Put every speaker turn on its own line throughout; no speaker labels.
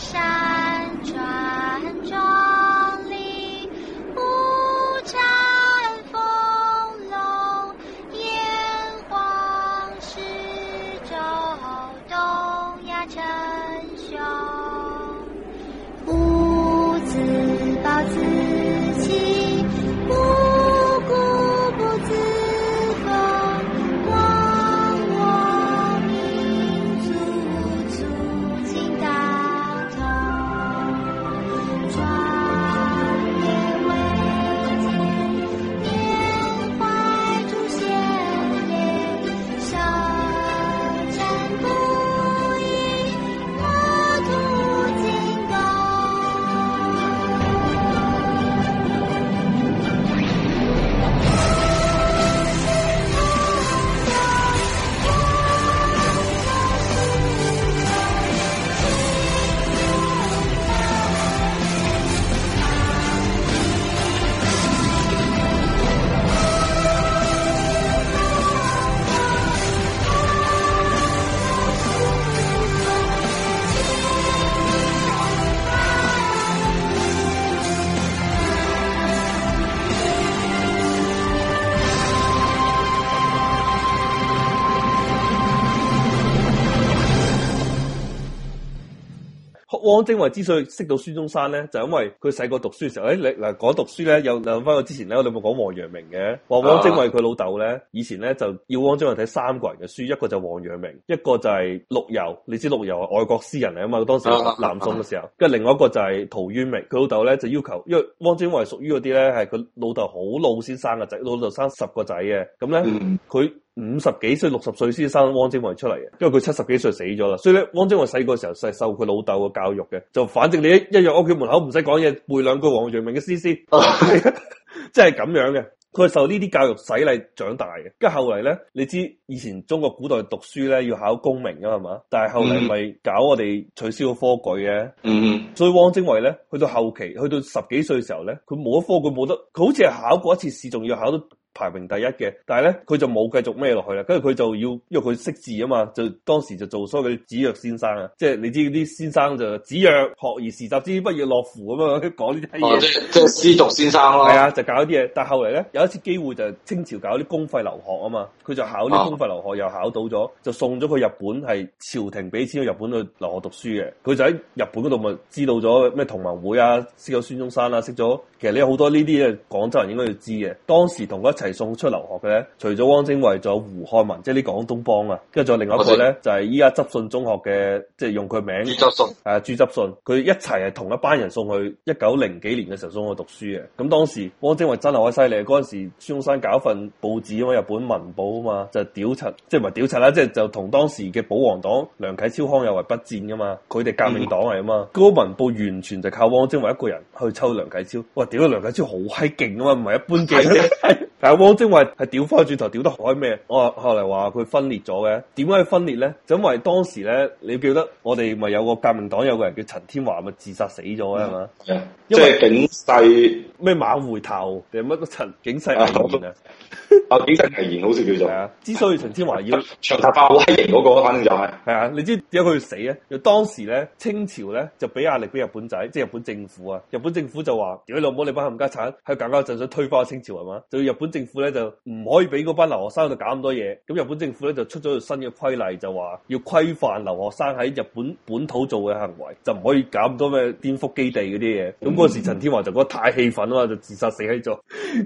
沙。汪精衛之所以識到孫中山咧，就是、因為佢細個讀書嘅時候，誒、哎，你嗱講讀書咧，有諗翻我之前咧，我哋冇講王陽明嘅，話汪精衛佢老豆咧，以前咧就要汪精衛睇三個人嘅書，一個就係王陽明，一個就係陸游，你知陸游係外國詩人嚟啊嘛，當時南宋嘅時候，跟住另外一個就係陶淵明，佢老豆咧就要求，因為汪精衛屬於嗰啲咧，係佢老豆好老先生嘅仔，老豆生十個仔嘅，咁咧佢。嗯五十幾歲、六十歲先生汪精衛出嚟嘅，因為佢七十幾歲死咗啦。所以咧，汪精衛細個時候係受佢老豆嘅教育嘅，就反正你一一入屋企門口唔使講嘢，背兩句王陽明嘅詩詩，即係咁樣嘅。佢係受呢啲教育洗禮長大嘅。跟住後嚟咧，你知以前中國古代讀書咧要考功名㗎係嘛？但係後嚟咪搞我哋取消科舉嘅。嗯嗯、mm。Hmm. 所以汪精衛咧，去到後期，去到十幾歲嘅時候咧，佢冇一科舉佢冇得，佢好似係考過一次試，仲要考到。排名第一嘅，但係咧佢就冇繼續咩落去啦，跟住佢就要，因為佢識字啊嘛，就當時就做所謂啲子曰先生啊，即係你知啲先生就子曰學而時習之，不亦樂，樂乎咁啊，跟住講呢啲嘢。哦，即係私塾先生咯，係 啊，就搞啲嘢。但係後嚟咧，有一次機會就清朝搞啲公費留學啊嘛，佢就考啲公費留學，啊、又考到咗，就送咗去日本係朝廷俾錢去日本去留學讀書嘅。佢就喺日本嗰度咪知道咗咩同盟會啊，識咗孫中山啊，識咗其實你有好多呢啲嘅廣州人應該要知嘅。當時同佢一齊。送出留學嘅咧，除咗汪精衛仲有胡漢民，即係呢，廣東幫啊，跟住仲有另外一個咧，就係依家執信中學嘅，即係用佢名，誒、啊，朱執信，佢一齊係同一班人送去一九零幾年嘅時候送去讀書嘅。咁當時汪精衛真係好犀利，嗰陣時孫中山搞一份報紙啊，日本文報啊嘛，就屌、是、柒，即係唔係屌柒啦，即係就同當時嘅保皇黨梁啟超、康有為不戰噶嘛，佢哋革命黨嚟啊嘛，嗰、嗯、個文報完全就靠汪精衛一個人去抽梁啟超，哇，屌梁啟超好閪勁啊嘛，唔係一般嘅。 有汪精衛係屌翻轉頭屌得好咩？我後嚟話佢分裂咗嘅，點解分裂咧？就因為當時咧，你記得我哋咪有個革命黨有個人叫陳天華，咪自殺死咗係嘛？嗯、因啊為，警世咩馬回頭定乜都陳警世？啊，警世遺言好似叫做啊。 之所以陳天華要長頭髮好閪型嗰個那、就是，反正就係係啊。你知點解佢要死咧？就當時咧清朝咧就俾壓力俾日本仔，即係日本政府啊。日本政府就話：如果老母你把冚家產，喺革命陣想推翻清朝係嘛？就日本政府咧就唔可以俾嗰班留學生喺度搞咁多嘢，咁日本政府咧就出咗個新嘅規例，就話要規範留學生喺日本本土做嘅行為，就唔可以搞咁多咩顛覆基地嗰啲嘢。咁嗰、嗯、時陳天華就覺得太氣憤啊嘛，就自殺死喺咗。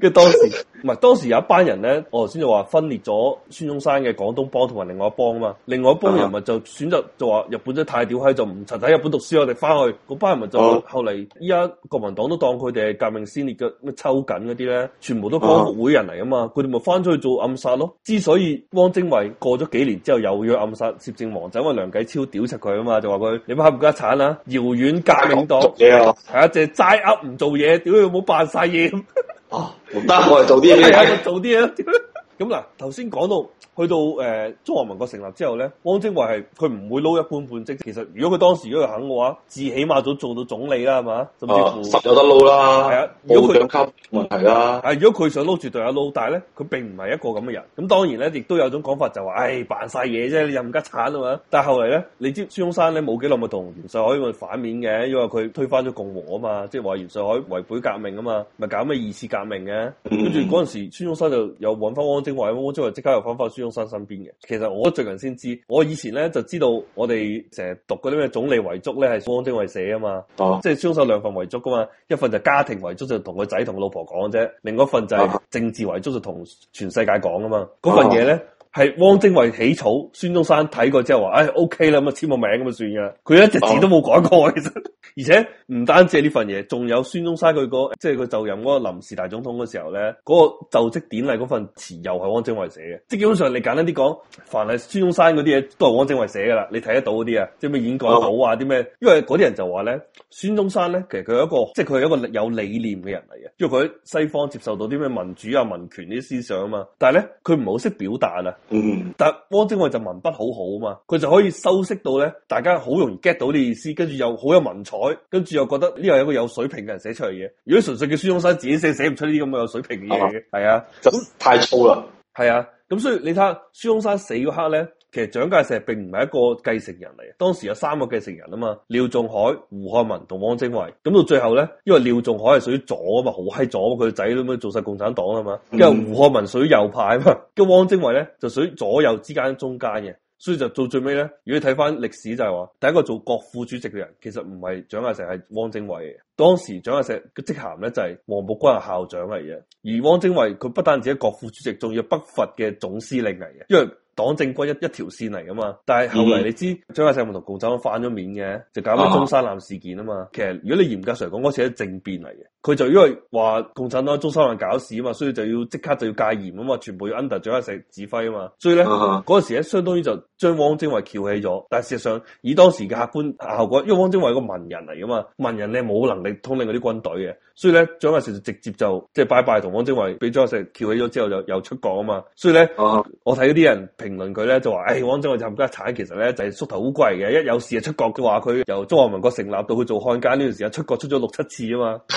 跟 住當時唔係 當時有一班人咧，我頭先就話分裂咗孫中山嘅廣東幫同埋另外一幫啊嘛，另外一幫人物就選擇就話日本真係太屌閪，就唔趁喺日本讀書，我哋翻去。嗰班人咪就後嚟依家國民黨都當佢哋係革命先烈嘅，咪抽緊嗰啲咧，全部都光復會人嚟啊嘛，佢哋咪翻出去做暗殺咯。之所以汪精衛過咗幾年之後又要暗殺攝政王，就是、因為梁啟超屌柒佢啊嘛，就話佢你咪唔家產啦，遙遠革，革命黨做嘢啊，係啊，淨齋噏唔做嘢，屌佢冇扮晒嘢。哦、啊，唔得，我哋做啲嘢，做啲啊。 咁嗱，頭先講到去到誒、呃、中華民國成立之後咧，汪精衛係佢唔會撈一般半，半職。其實如果佢當時如果肯嘅話，至少起碼都做到總理啦，係嘛？甚至乎實有得撈啦。係啊，啊，如果佢想撈問題啦、啊。係，如果佢想撈住對阿撈，但係咧，佢並唔係一個咁嘅人。咁當然咧，亦都有種講法就話、是，唉，扮晒嘢啫，你又唔加慘啊嘛！但係後嚟咧，你知孫中山咧冇幾耐咪同袁世凱咪反面嘅，因為佢推翻咗共和啊嘛，即係話袁世凱違背革，革命啊嘛，咪搞咩二次革命嘅。嗯、跟住嗰陣時，孫中山就又揾翻汪精。即即刻又翻翻去孫中山身邊嘅，其實我最近先知，我以前咧就知道我哋成日讀嗰啲咩總理遺囑咧係汪精衛寫啊嘛，啊即係雙手兩份遺囑噶嘛，一份就家庭遺囑就同個仔同個老婆講啫，另一份就係政治遺囑就同全世界講噶嘛，嗰份嘢咧。啊啊係汪精衛起草，孫中山睇過之後話，誒、哎、OK 啦，咁啊簽個名咁就算嘅。佢一隻字都冇改過其實。 而且唔單止係，呢份嘢，仲有孫中山佢、個，即係佢就任嗰個臨時大總統嘅時候咧，嗰、個就職典禮嗰份詞又係汪精衛寫嘅。即係基本上你簡單啲講，凡係孫中山嗰啲嘢都係汪精衛寫噶啦。你睇得到嗰啲啊，即係咩演講稿啊，啲咩，因為嗰啲人就話咧，孫中山咧其實佢係一個即係佢係一個有理念嘅人嚟嘅，因為佢喺西方接受到啲咩民主啊、民權呢啲思想啊嘛。但係咧，佢唔係好識表達啊。嗯，但係汪精衛就文筆好好啊嘛，佢就可以修飾到咧，大家好容易 get 到啲意思，跟住又好有文采，跟住又覺得呢個係一個有水平嘅人寫出嚟嘅。如果純粹叫孫中山自己寫，寫唔出呢啲咁嘅有水平嘅嘢嘅，係啊，就太粗啦。係啊，咁所以你睇下孫中山死嗰刻咧。其實蔣介石並唔係一個繼承人嚟嘅。當時有三個繼承人啊嘛，廖仲愷、胡漢民同汪精衛。咁到最後咧，因為廖仲愷係屬於左啊嘛，好閪左嘛，佢仔都做晒共產黨啊嘛。跟住胡漢民屬於右派啊嘛，跟汪精衛咧就屬於左右之間中間嘅。所以就到最尾咧，如果你睇翻歷史就係話，第一個做國副主席嘅人其實唔係蔣介石，係汪精衛。當時蔣介石嘅職銜咧就係黃埔軍校校長嚟嘅，而汪精衛佢不單止係國副主席，仲要北伐嘅總司令嚟嘅，因為。黨政軍一一條線嚟噶嘛，但係後嚟你知蔣介石同共產黨翻咗面嘅，就搞咗中山艦事件啊嘛，嗯、其實如果你嚴格上講，嗰次係政變嚟嘅。佢就因為話共產黨喺中山艦搞事啊嘛，所以就要即刻就要戒嚴啊嘛，全部要 under 蔣介石指揮啊嘛，所以咧嗰陣時咧相當於就將汪精衛撬起咗，但係事實上以當時嘅客觀效果，因為汪精衛係個文人嚟噶嘛，文人咧冇能力統領嗰啲軍隊嘅，所以咧蔣介石就直接就即係、就是、拜拜同汪精衛俾蔣介石撬起咗之後就又出國啊嘛，所以咧、uh huh. 我睇啲人評論佢咧就話，誒、哎、汪精衛就唔得踩，其實咧就係、是、縮頭烏龜嘅，一有事就出國嘅話，佢由中華民國成立到佢做漢奸呢段、這個、時間出國出咗六七次啊嘛。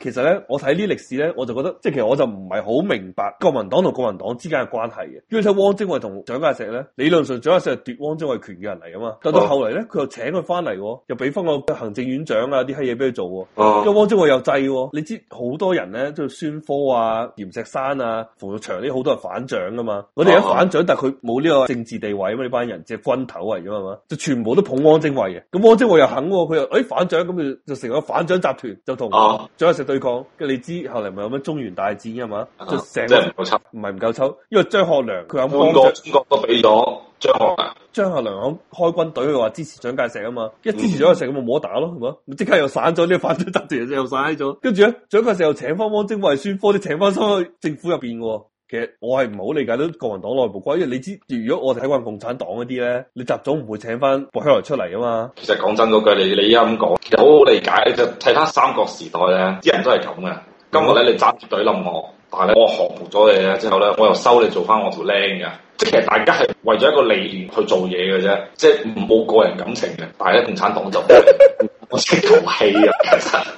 其實咧，我睇呢歷史咧，我就覺得即係，其實我就唔係好明白國民黨同國民黨之間嘅關係嘅。因為睇汪精衛同蔣介石咧，理論上蔣介石係奪汪精衛權嘅人嚟，啊嘛，但到後嚟咧，佢又請佢翻嚟，又俾翻個行政院長啊啲黑嘢俾佢做，啊、因為汪精衛又制，你知好多人咧，即係孫科啊、閻錫山啊、馮玉祥呢，好多人反蔣噶嘛，我哋一反蔣，但係佢冇呢個政治地位，嘛。呢班人即係軍頭嚟噶嘛，就全部都捧汪精衛嘅，咁汪精衛又肯，佢又誒反蔣，咁就就成咗反蔣集團，就同、啊。蔣介石對抗，跟住你知後嚟咪有咩中原大戰啊嘛？就成日唔夠抽，唔係唔夠抽，因為張學良佢有半個中國都俾咗張學張學良講開軍隊，佢話支持蔣介石啊嘛，嗯、一支持蔣介石咁咪冇得打咯，係咪即刻又散咗呢、這個反蔣集團，又散咗，跟住咧，蔣介石又請翻汪精衛、孫科啲請翻翻去政府入邊嘅。其實我係唔好理解到共產黨內部瓜，因為你知如果我哋睇翻共產黨嗰啲咧，你習總唔會請翻薄熙來出嚟啊嘛其。其實講真嗰句，你你依家咁講，其實好好理解。就睇翻三國時代咧，啲人都係咁嘅。今日咧你斬隊冧我，但係咧我學服咗你咧之後咧，我又收你做翻我條靚噶。即係其實大家係為咗一個理念去做嘢嘅啫，即係冇個人感情嘅。但係咧共產黨就唔識求氣啊！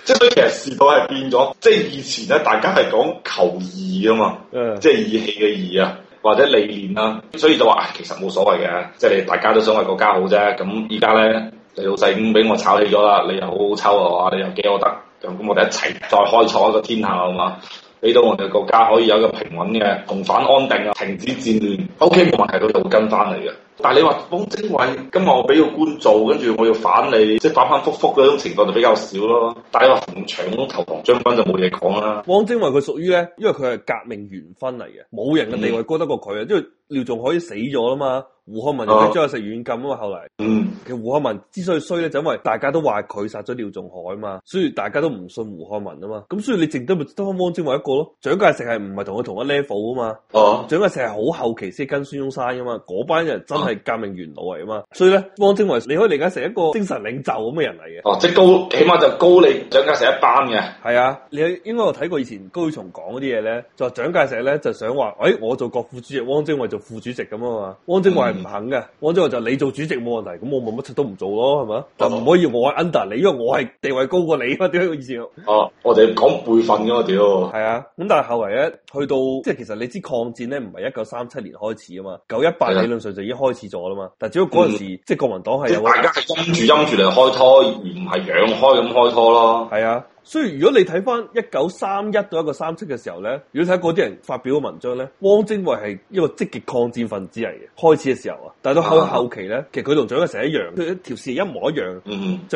即係所以其實時代係變咗，即係以前咧大家係講求義啊嘛，即係義氣嘅義啊，或者理念啊，所以就話，哎，其實冇所謂嘅，即係大家都想為國家好啫。咁而家咧你老細已經俾我炒起咗啦，你又好好抽啊，你又幾可得咁，我哋一齊再開創一個天下好嘛！俾到我哋國家可以有一個平穩嘅重返安定啊，停止戰亂。OK，冇問題，佢就會跟返嚟嘅。但係你話汪精衛今日我俾個官做，跟住我要反你，即係反反覆覆嗰種情況就比較少咯。但係你話紅牆嗰種投降將軍就冇嘢講啦。汪精衛佢屬於咧，因為佢係革命元勳嚟嘅，冇人嘅地位高得過佢啊。嗯、因為廖仲愷死咗啦嘛，胡漢民又將阿石軟禁咁嘛。後嚟，嗯，其實胡漢民之所以衰咧，就因為大家都話佢殺咗廖仲愷嘛，所以大家都唔信胡漢民啊嘛。咁所以你值得咪得汪精衛一個咯。蔣介石係唔係同佢同一 level 啊嘛？哦、嗯，嗯、蔣介石係好後期先跟孫中山啊嘛，嗰班人真係革命元老嚟啊嘛，所以咧，汪精衛你可以理解成一個精神領袖咁嘅人嚟嘅。哦，即高起碼就高你蔣介石一班嘅。係啊，你應該有睇過以前高曉松講嗰啲嘢，咧就蔣介石咧就想話，誒、哎，我做國副主席，汪精衛做副主席咁啊嘛。汪精衛唔肯嘅，嗯、汪精衛就你做主席冇問題，咁我冇乜柒都唔做咯，係嘛？就唔、嗯、可以我 under 你，因為我係地位高過你嘛，屌個意思。哦、啊，我哋講輩分噶屌。係啊，咁但係後嚟咧，去到即係其實你知抗戰咧唔係一九三七年開始啊嘛，九一八理論上就已經開始。試咗啦嘛，但係只要嗰陣時，即係、嗯、國民黨係，即大家係陰住陰住嚟開拖，而唔係仰開咁開拖咯，係啊。所以如果你睇翻一九三一到一個三七嘅時候咧，如果睇嗰啲人發表嘅文章咧，汪精衛係一個積極抗戰分子嚟嘅。開始嘅時候啊，但到後後期咧，其實佢同蔣介石一樣，佢一條線一模一樣。蔣、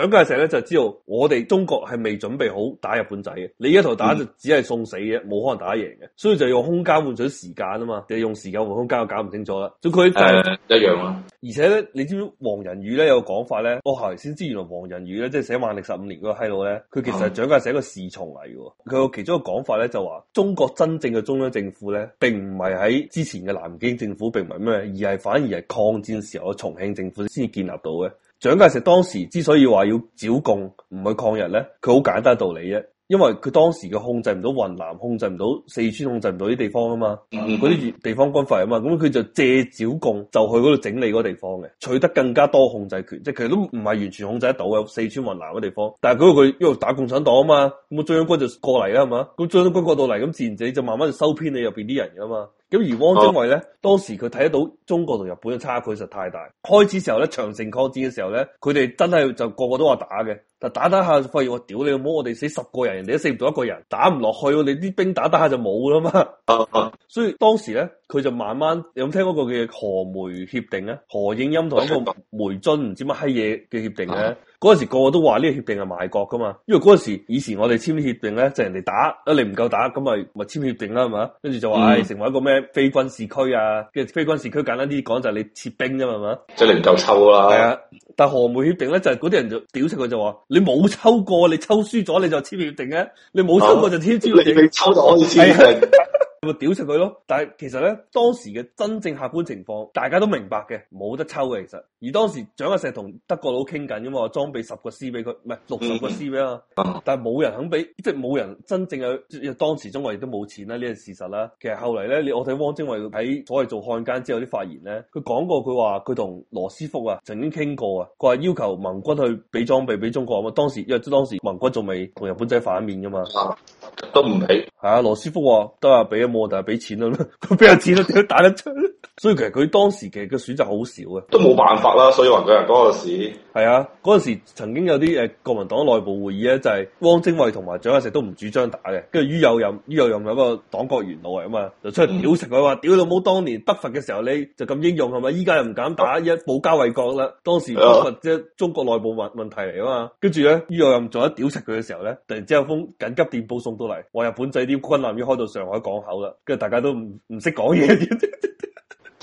嗯、介石咧就係、知道我哋中國係未準備好打日本仔嘅，你一頭打就只係送死嘅，冇、嗯、可能打贏嘅。所以就要用空間換取時間啊嘛，就用時間換空間，我搞唔清楚啦。佢誒一樣啊。而且咧，你知唔知黃仁宇咧有個講法咧？我後先知原來黃仁宇咧即係寫《萬歷十五年》嗰個閪佬咧，佢其實係蔣介寫個侍從嚟嘅。佢個其中一個講法咧，就話中國真正嘅中央政府咧，並唔係喺之前嘅南京政府，並唔係咩，而係反而係抗戰時候嘅重慶政府先至建立到嘅。蔣介石當時之所以話要剿共唔去抗日咧，佢好簡單道理啫。因為佢當時嘅控制唔到雲南，控制唔到四川，控制唔到啲地方啊嘛，嗰啲、嗯、地方軍閥啊嘛，咁佢就借剿共就去嗰度整理嗰地方嘅，取得更加多控制權，即係其實都唔係完全控制得到嘅四川、雲南嘅地方，但係嗰佢一路打共產黨啊嘛，咁中央軍就過嚟啦嘛，咁中央軍過到嚟咁自然就就慢慢就收編你入邊啲人噶嘛。咁而汪精衛咧，當時佢睇得到中國同日本嘅差距實太大。開始時候咧，長城抗戰嘅時候咧，佢哋真係就個個都話打嘅，但打打下發現我屌你老母，我哋死十個人，人哋都死唔到一個人，打唔落去，你啲兵打打下就冇啦嘛。 所以當時咧，佢就慢慢有冇聽嗰個叫何梅協定咧？何應欽同一個梅津唔知乜閪嘢嘅協定咧。 嗰時個個都話呢個協定係賣國噶嘛，因為嗰陣時以前我哋簽呢協定咧，就係、人哋打，啊你唔夠打，咁咪咪簽協定啦，係嘛，跟住就話，唉、嗯哎，成為一個咩非軍事區啊，跟住非軍事區簡單啲講就係你撤兵啫嘛，係嘛，即係你唔夠抽啦，係啊，但何梅協定咧就係嗰啲人就屌出佢就話，你冇抽過，你抽輸咗你就簽協定嘅、啊，你冇抽過就簽簽協你抽就可以簽協定，咪屌出佢咯。但係其實咧當時嘅真正客觀情況，大家都明白嘅，冇得抽嘅其，其實。而當時蔣介石同德國佬傾緊，因為我裝備十個師俾佢，唔係六十個師俾啊，但係冇人肯俾，即係冇人真正有。當時中國都冇錢啦，呢係事實啦。其實後嚟咧，你我睇汪精衛喺所謂做漢奸之後啲發言咧，佢講過佢話佢同羅斯福啊曾經傾過啊，佢話要求盟軍去俾裝備俾中國啊嘛。當時因為當時盟軍仲未同日本仔反面噶嘛、啊，都唔俾。係啊，羅斯福都話俾啊冇，但係俾錢啦，佢俾啊錢都有點打得出。 所以其實佢當時其實個選擇好少啊，都冇辦法。啦，所以黃俊仁嗰陣時，係啊，嗰陣時曾經有啲誒、呃、國民黨內部會議咧，就係、是、汪精衛同埋蔣介石都唔主張打嘅，跟住於右任，於右任有個黨國元老嚟啊嘛，就出嚟屌食佢話：屌到冇當年北伐嘅時候，你就咁英勇係咪？依家又唔敢打，一保、啊、家衛國啦。當時北伐即係中國內部問問題嚟啊嘛。跟住咧，於右任仲喺度屌食佢嘅時候咧，突然之間有封緊急電報送到嚟，話日本仔啲軍艦已經開到上海港口啦。跟住大家都唔唔識講嘢。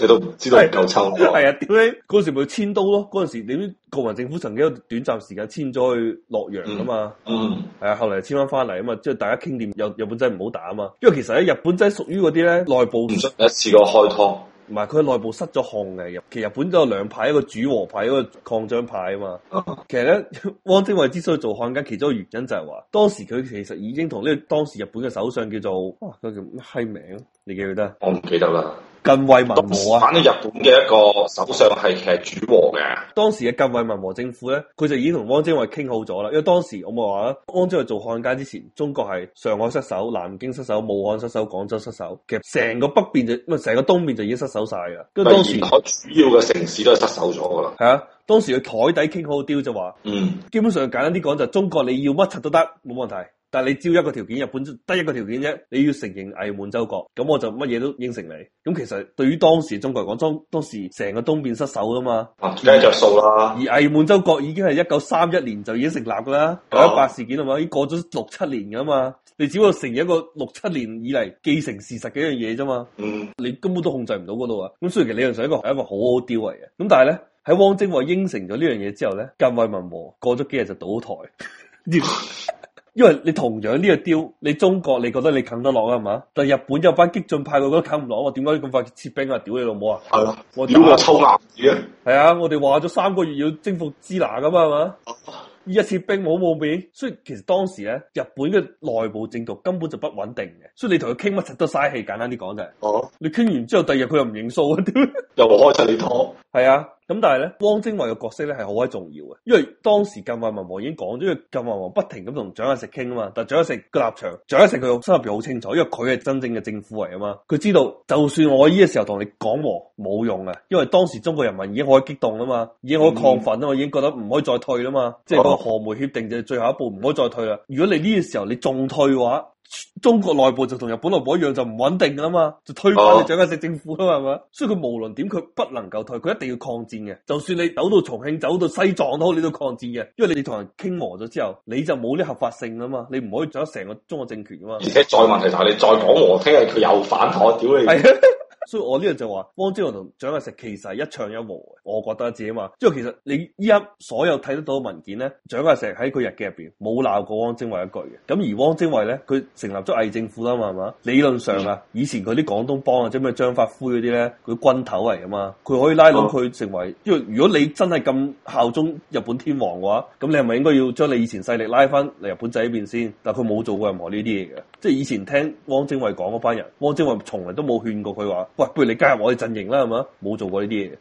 你都知道唔夠臭，係啊？點解嗰時咪要遷都咯？嗰陣時點？國民政府曾經有短暫時間遷咗去洛陽噶嘛嗯？嗯，係啊、嗯，後嚟遷翻翻嚟啊嘛，即係大家傾掂，日日本仔唔好打啊嘛。因為其實咧，日本仔屬於嗰啲咧內部唔想一次過開湯，唔係佢內部失咗控嘅。其實日本仔有兩派，一個主和派，一個擴張派啊嘛。啊其實咧，汪精衛之所以做漢奸，其中一個原因就係話，當時佢其實已經同呢、這個、當時日本嘅首相叫做哇，佢叫咩名？你記唔記得？我唔記得啦。近衛民和，啊，反正日本嘅一個首相係其實主和嘅。當時嘅近衛民和政府咧，佢就已經同汪精衛傾好咗啦。因為當時我咪話啦，汪精衛做漢奸之前，中國係上海失守、南京失守、武漢失守、廣州失守，其實成個北面就因為成個東面就已經失守曬噶。咪沿海主要嘅城市都係失守咗噶啦。係啊，當時佢台底傾好屌就話，嗯，基本上簡單啲講就係中國你要乜柒都得，冇問題。但係你招一個條件，日本得一個條件啫，你要承認偽滿洲國，咁我就乜嘢都應承你。咁其實對於當時中國嚟講，當當時成個東邊失守啊嘛，梗係、啊、着數啦。而偽滿洲國已經係一九三一年就已經成立噶啦，九一八事件啊嘛，已經過咗六七年噶嘛，你只不過承認一個六七年以嚟既成事實嘅樣嘢啫嘛。嗯，你根本都控制唔到嗰度啊。咁雖然其實理論上一個係一個好刁維嘅，咁但係咧喺汪精衛應承咗呢樣嘢之後咧，近衛文麿過咗幾日就倒台。 因為你同樣呢、這個雕，你中國你覺得你啃得落啊，係嘛？但係日本有班激進派，佢覺得啃唔落，我點解咁快撤兵啊？屌你老母啊！係咯，我呢個臭男子。係啊，我哋話咗三個月要征服支那噶嘛，係嘛？依家撤兵冇冇面，所以其實當時咧，日本嘅內部政局根本就不穩定嘅，所以你同佢傾乜柒都嘥氣。簡單啲講就係，啊、你傾完之後，第二日佢又唔認數啊，屌？又開晒你拖。係啊。咁但係咧，汪精衛嘅角色咧係好鬼重要嘅，因為當時近華文王已經講咗，因為近華文王不停咁同蔣介石傾啊嘛，但係蔣介石個立場，蔣介石佢心入邊好清楚，因為佢係真正嘅政府嚟啊嘛，佢知道就算我呢個時候同你講和冇用啊，因為當時中國人民已經好激動啦嘛，已經好亢奮啦嘛，嗯、已經覺得唔可以再退啦嘛，即係個何梅協定就係最後一步唔可以再退啦，如果你呢個時候你仲退嘅話。中國內部就同日本內部一樣，就唔穩定噶嘛，就推翻咗蔣介石政府噶嘛，係嘛？所以佢無論點，佢不能夠退，佢一定要抗戰嘅。就算你走到重慶，走到西藏都好，你都抗戰嘅。因為你同人傾和咗之後，你就冇呢合法性噶嘛，你唔可以走成個中國政權噶嘛。而且再問題就係你再講和，聽日佢又反台，屌你！ 所以我呢樣就話汪精衛同蔣介石其實係一唱一和，我覺得自己嘛。即係其實你依家所有睇得到文件咧，蔣介石喺佢日記入邊冇鬧過汪精衛一句嘅，咁而汪精衛咧佢。成立咗偽政府啦嘛，係嘛？理論上啊，以前嗰啲廣東幫啊，即咩張發奎嗰啲咧，佢軍頭嚟啊嘛，佢可以拉攏佢成為，哦、因為如果你真係咁效忠日本天皇嘅話，咁你係咪應該要將你以前勢力拉翻嚟日本仔一邊先？但係佢冇做過任何呢啲嘢嘅，即係以前聽汪精衛講嗰班人，汪精衛從嚟都冇勸過佢話，喂，不如你加入我哋陣營啦，係嘛？冇做過呢啲嘢。